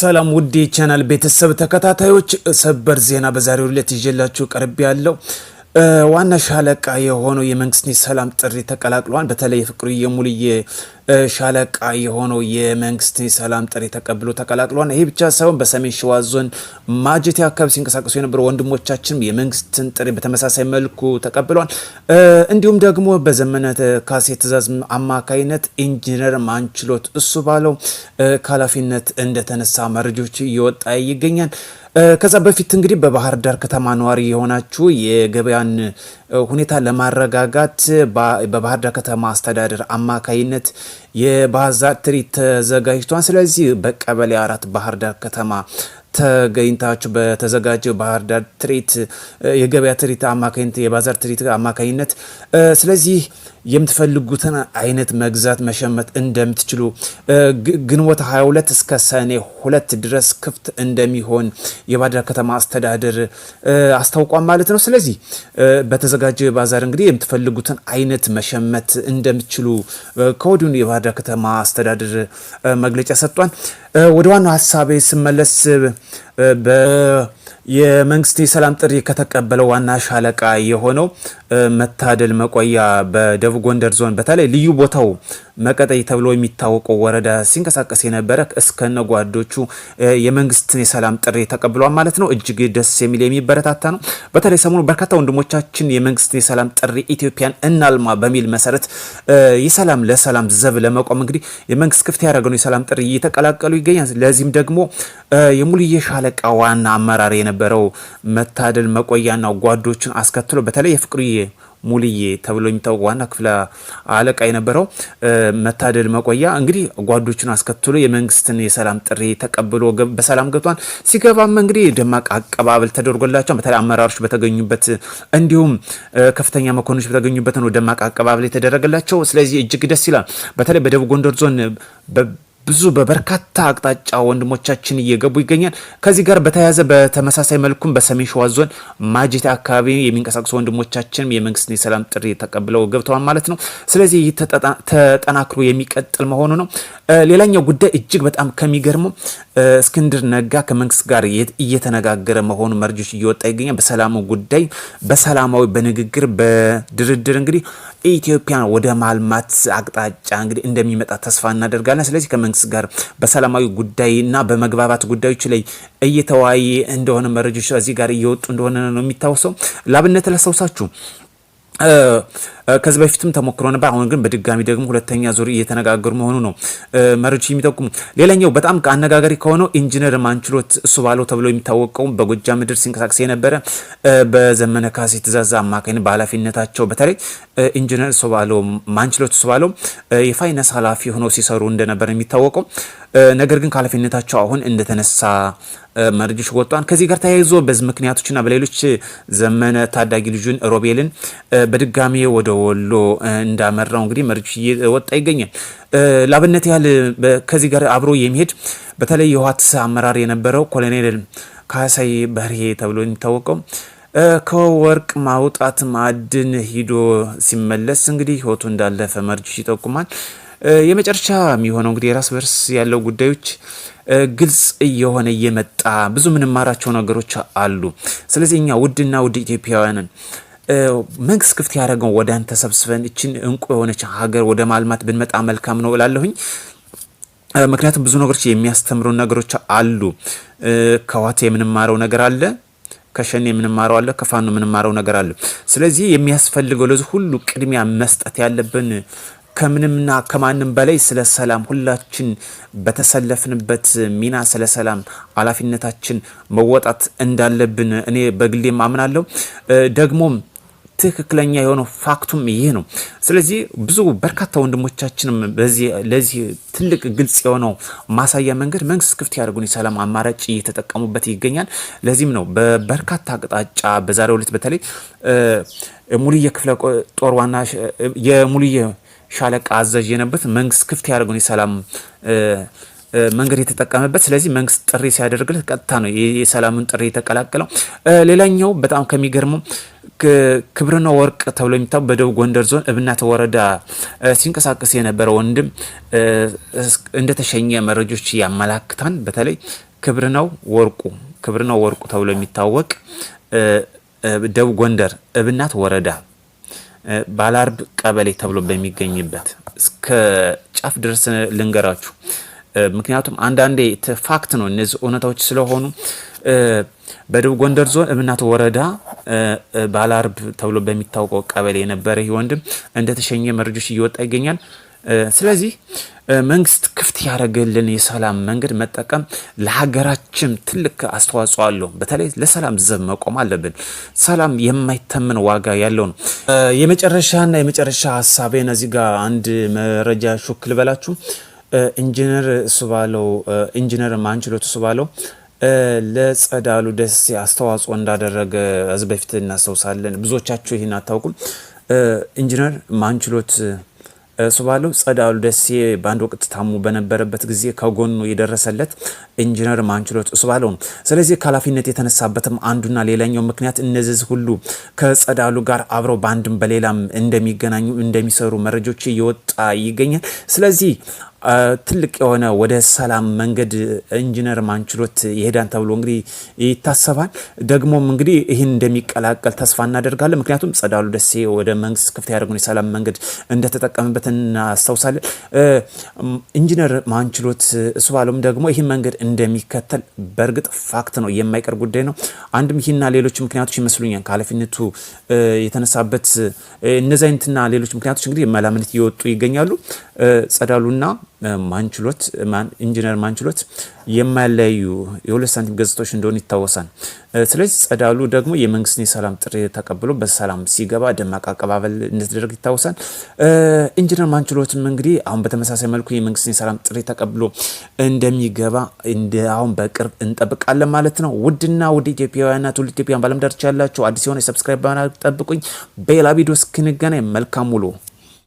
ሰላም ውድ ቻናል ቤተሰብ ተከታታዮች፣ ሰበር ዜና በዛሬው ዕለት ይዤላችሁ ቀርብ ያለው ዋና ሻለቃ የሆነው የመንግስትን የሰላም ጥሪ ተቀላቅሏል። በተለይ ፍቅሩ ሙልዬ ሻለቃ የሆነው የመንግስት ሰላም ጥሪ ተቀብሎ ተቀላቅሏል። ይሄ ብቻ ሳይሆን በሰሜን ሸዋ ዞን ማጀቴ አካባቢ ሲንቀሳቀሱ የነበሩ ወንድሞቻችን የመንግስትን ጥሪ በተመሳሳይ መልኩ ተቀብሏል። እንዲሁም ደግሞ በዘመነ ካሴ ትእዛዝ አማካይነት ኢንጂነር ማንችሎት እሱ ባለው ከኃላፊነት እንደተነሳ መረጃዎች እየወጣ ይገኛል። ከዛ በፊት እንግዲህ በባህር ዳር ከተማ ነዋሪ የሆናችሁ የገበያን ሁኔታ ለማረጋጋት በባህር ዳር ከተማ አስተዳደር አማካይነት የባህዛት ትርኢት ተዘጋጅቷል። ስለዚህ በቀበሌ አራት ባህር ዳር ከተማ ተገኝታችሁ በተዘጋጀው ባህር ዳር ትርኢት የገበያ ትርኢት አማካኝነት የባዛር ትርኢት አማካኝነት ስለዚህ የምትፈልጉትን አይነት መግዛት መሸመት እንደምትችሉ ግንቦት 22 እስከ ሰኔ ሁለት ድረስ ክፍት እንደሚሆን የባህር ዳር ከተማ አስተዳደር አስታውቋል ማለት ነው። ስለዚህ በተዘጋጀው የባዛር እንግዲህ የምትፈልጉትን አይነት መሸመት እንደምትችሉ ከወዲሁ የባህር ዳር ከተማ አስተዳደር መግለጫ ሰጥቷል። ወደ ዋናው ሀሳቤ ስመለስ የመንግስት የሰላም ጥሪ ከተቀበለው ዋና ሻለቃ የሆነው መታደል መቆያ በደቡብ ጎንደር ዞን በተለይ ልዩ ቦታው መቀጠይ ተብሎ የሚታወቀው ወረዳ ሲንቀሳቀስ የነበረ እስከነ ጓዶቹ የመንግስትን የሰላም ጥሪ ተቀብሏል ማለት ነው። እጅግ ደስ የሚል የሚበረታታ ነው። በተለይ ሰሞኑ በርካታ ወንድሞቻችን የመንግስትን የሰላም ጥሪ ኢትዮጵያን እናልማ በሚል መሰረት የሰላም ለሰላም ዘብ ለመቆም እንግዲህ የመንግስት ክፍት ያደረገነው የሰላም ጥሪ እየተቀላቀሉ ይገኛል። ለዚህም ደግሞ የሙሉዬ ሻለቃ ዋና አመራር የነበረው መታደል መቆያና ጓዶችን አስከትሎ በተለይ የፍቅሩ ሙልዬ ተብሎ የሚታወቅ ዋና ክፍለ አለቃ የነበረው መታደል መቆያ እንግዲህ ጓዶቹን አስከትሎ የመንግስትን የሰላም ጥሪ ተቀብሎ በሰላም ገብቷል። ሲገባም እንግዲህ ደማቅ አቀባበል ተደርጎላቸው በተለይ አመራሮች በተገኙበት እንዲሁም ከፍተኛ መኮንኖች በተገኙበት ነው ደማቅ አቀባበል የተደረገላቸው። ስለዚህ እጅግ ደስ ይላል። በተለይ በደቡብ ጎንደር ዞን ብዙ በበርካታ አቅጣጫ ወንድሞቻችን እየገቡ ይገኛል። ከዚህ ጋር በተያያዘ በተመሳሳይ መልኩም በሰሜን ሸዋ ዞን ማጀቴ አካባቢ የሚንቀሳቀሱ ወንድሞቻችን የመንግስትን የሰላም ጥሪ ተቀብለው ገብተዋል ማለት ነው። ስለዚህ ተጠናክሮ የሚቀጥል መሆኑ ነው። ሌላኛው ጉዳይ እጅግ በጣም ከሚገርመው እስክንድር ነጋ ከመንግስት ጋር እየተነጋገረ መሆኑ መረጃዎች እየወጣ ይገኛል። በሰላሙ ጉዳይ በሰላማዊ በንግግር በድርድር እንግዲህ ኢትዮጵያን ወደ ማልማት አቅጣጫ እንግዲህ እንደሚመጣ ተስፋ እናደርጋለን። ስለዚህ ከመንግስት ቢያንስ ጋር በሰላማዊ ጉዳይና በመግባባት ጉዳዮች ላይ እየተወያየ እንደሆነ መረጃዎች እዚህ ጋር እየወጡ እንደሆነ ነው የሚታወሰው። ላብነት ላሳውሳችሁ ከዚህ በፊትም ተሞክሮ ነበር። አሁን ግን በድጋሚ ደግሞ ሁለተኛ ዙር እየተነጋገሩ መሆኑ ነው መሪዎች የሚጠቁሙ። ሌላኛው በጣም አነጋጋሪ ከሆነው ኢንጂነር ማንችሎት ባለው ተብሎ የሚታወቀው በጎጃም ምድር ሲንቀሳቀስ የነበረ በዘመነ ካሴ ትእዛዝ አማካኝ በኃላፊነታቸው በተለይ ኢንጂነር ሱባለው ማንችሎት ሱባለው የፋይናንስ ኃላፊ ሆነው ሲሰሩ እንደነበር የሚታወቀው ነገር ግን ከኃላፊነታቸው አሁን እንደተነሳ መረጃዎች ወጥቷል። ከዚህ ጋር ተያይዞ በዚህ ምክንያቶችና በሌሎች ዘመነ ታዳጊ ልጁን ሮቤልን በድጋሚ ወደ ወሎ እንዳመራው እንግዲህ መርጅ እየወጣ ይገኛል። ላብነት ያህል ከዚህ ጋር አብሮ የሚሄድ በተለይ የህወሓት አመራር የነበረው ኮሎኔል ካሳይ በርሄ ተብሎ የሚታወቀው ከወርቅ ማውጣት ማዕድን ሂዶ ሲመለስ እንግዲህ ህይወቱ እንዳለፈ መርጅ ይጠቁማል። የመጨረሻ የሚሆነው እንግዲህ የራስ በርስ ያለው ጉዳዮች ግልጽ እየሆነ እየመጣ ብዙ ምንማራቸው ነገሮች አሉ። ስለዚህ እኛ ውድና ውድ ኢትዮጵያውያንን መንግስት ክፍት ያደረገው አንተ ሰብስበን እችን እንቁ የሆነች ሀገር ወደ ማልማት ብንመጣ መልካም ነው እላለሁኝ። ምክንያቱም ብዙ ነገሮች የሚያስተምሩ ነገሮች አሉ። ከዋት የምንማረው ነገር አለ ከሸኔ የምንማረው አለ፣ ከፋኖ የምንማረው ነገር አለ። ስለዚህ የሚያስፈልገው ለዚህ ሁሉ ቅድሚያ መስጠት ያለብን ከምንምና ከማንም በላይ ስለ ሰላም ሁላችን በተሰለፍንበት ሚና ስለ ሰላም ኃላፊነታችን መወጣት እንዳለብን እኔ በግሌ አምናለሁ። ደግሞም ትክክለኛ የሆነው ፋክቱም ይህ ነው። ስለዚህ ብዙ በርካታ ወንድሞቻችንም ለዚህ ትልቅ ግልጽ የሆነው ማሳያ መንገድ መንግስት ክፍት ያደርጉን የሰላም አማራጭ እየተጠቀሙበት ይገኛል። ለዚህም ነው በበርካታ አቅጣጫ በዛሬው ዕለት በተለይ ሙሉየ ክፍለ ጦር ዋና የሙሉየ ሻለቃ አዛዥ የነበት መንግስት ክፍት ያደርጉን የሰላም መንገድ የተጠቀመበት። ስለዚህ መንግስት ጥሪ ሲያደርግለት ቀጥታ ነው የሰላሙን ጥሪ የተቀላቀለው። ሌላኛው በጣም ከሚገርመው ክብርና ወርቅ ተብሎ የሚታወቅ በደቡብ ጎንደር ዞን እብናት ወረዳ ሲንቀሳቀስ የነበረ ወንድም እንደተሸኘ መረጆች ያመላክታን። በተለይ ክብርናው ወርቁ ክብርናው ወርቁ ተብሎ የሚታወቅ ደቡብ ጎንደር እብናት ወረዳ ባለአርብ ቀበሌ ተብሎ በሚገኝበት እስከ ጫፍ ድረስ ልንገራችሁ። ምክንያቱም አንዳንዴ ፋክት ነው እነዚህ እውነታዎች ስለሆኑ በደቡብ ጎንደር ዞን እምናት ወረዳ ባለአርብ ተብሎ በሚታወቀው ቀበሌ የነበረ ወንድም እንደተሸኘ መረጆች እየወጣ ይገኛል። ስለዚህ መንግስት ክፍት ያደረገልን የሰላም መንገድ መጠቀም ለሀገራችን ትልቅ አስተዋጽኦ አለው። በተለይ ለሰላም ዘብ መቆም አለብን። ሰላም የማይተመን ዋጋ ያለው ነው። የመጨረሻና የመጨረሻ ሀሳቤን እዚህ ጋር አንድ መረጃ ሹክ ልበላችሁ። ኢንጂነር እሱ ባለው ኢንጂነር ማንችሎት እሱ ባለው ለጸዳሉ ደሴ አስተዋጽኦ እንዳደረገ እዚ በፊት እናስታውሳለን። ብዙዎቻችሁ ይህን አታውቁም። ኢንጂነር ማንችሎት እሱ ባለው ጸዳሉ ደሴ በአንድ ወቅት ታሙ በነበረበት ጊዜ ከጎኑ የደረሰለት ኢንጂነር ማንችሎት እሱ ባለው ነው። ስለዚህ ከኃላፊነት የተነሳበትም አንዱና ሌላኛው ምክንያት እነዚህ ሁሉ ከጸዳሉ ጋር አብረው በአንድም በሌላም እንደሚገናኙ እንደሚሰሩ መረጃዎች እየወጣ ይገኛል። ስለዚህ ትልቅ የሆነ ወደ ሰላም መንገድ ኢንጂነር ማንችሎት ይሄዳን ተብሎ እንግዲህ ይታሰባል። ደግሞም እንግዲህ ይህን እንደሚቀላቀል ተስፋ እናደርጋለን። ምክንያቱም ጸዳሉ ደሴ ወደ መንግስት ክፍት ያደርጉን የሰላም መንገድ እንደተጠቀምበት እናስታውሳለን። ኢንጂነር ማንችሎት እሱ ባለውም ደግሞ ይህን መንገድ እንደሚከተል በእርግጥ ፋክት ነው፣ የማይቀር ጉዳይ ነው። አንድም ይህና ሌሎች ምክንያቶች ይመስሉኛል ከኃላፊነቱ የተነሳበት እነዚህ አይነትና ሌሎች ምክንያቶች እንግዲህ መላምነት እየወጡ ይገኛሉ ጸዳሉና ማንችሎት ኢንጂነር ማንችሎት የማያለያዩ የሁለት ሳንቲም ገጽታዎች እንደሆኑ ይታወሳል። ስለዚህ ጸዳሉ ደግሞ የመንግስትን የሰላም ጥሪ ተቀብሎ በሰላም ሲገባ ደማቅ አቀባበል እንደተደረገ ይታወሳል። ኢንጂነር ማንችሎትም እንግዲህ አሁን በተመሳሳይ መልኩ የመንግስትን የሰላም ጥሪ ተቀብሎ እንደሚገባ አሁን በቅርብ እንጠብቃለን ማለት ነው። ውድና ውድ ኢትዮጵያውያንና ትውልደ ኢትዮጵያውያን ባለም ዳርቻ ያላቸው አዲስ የሆነ ሰብስክራይብ ባና ጠብቁኝ። በሌላ ቪዲዮ እስክንገናኝ መልካም ውሎ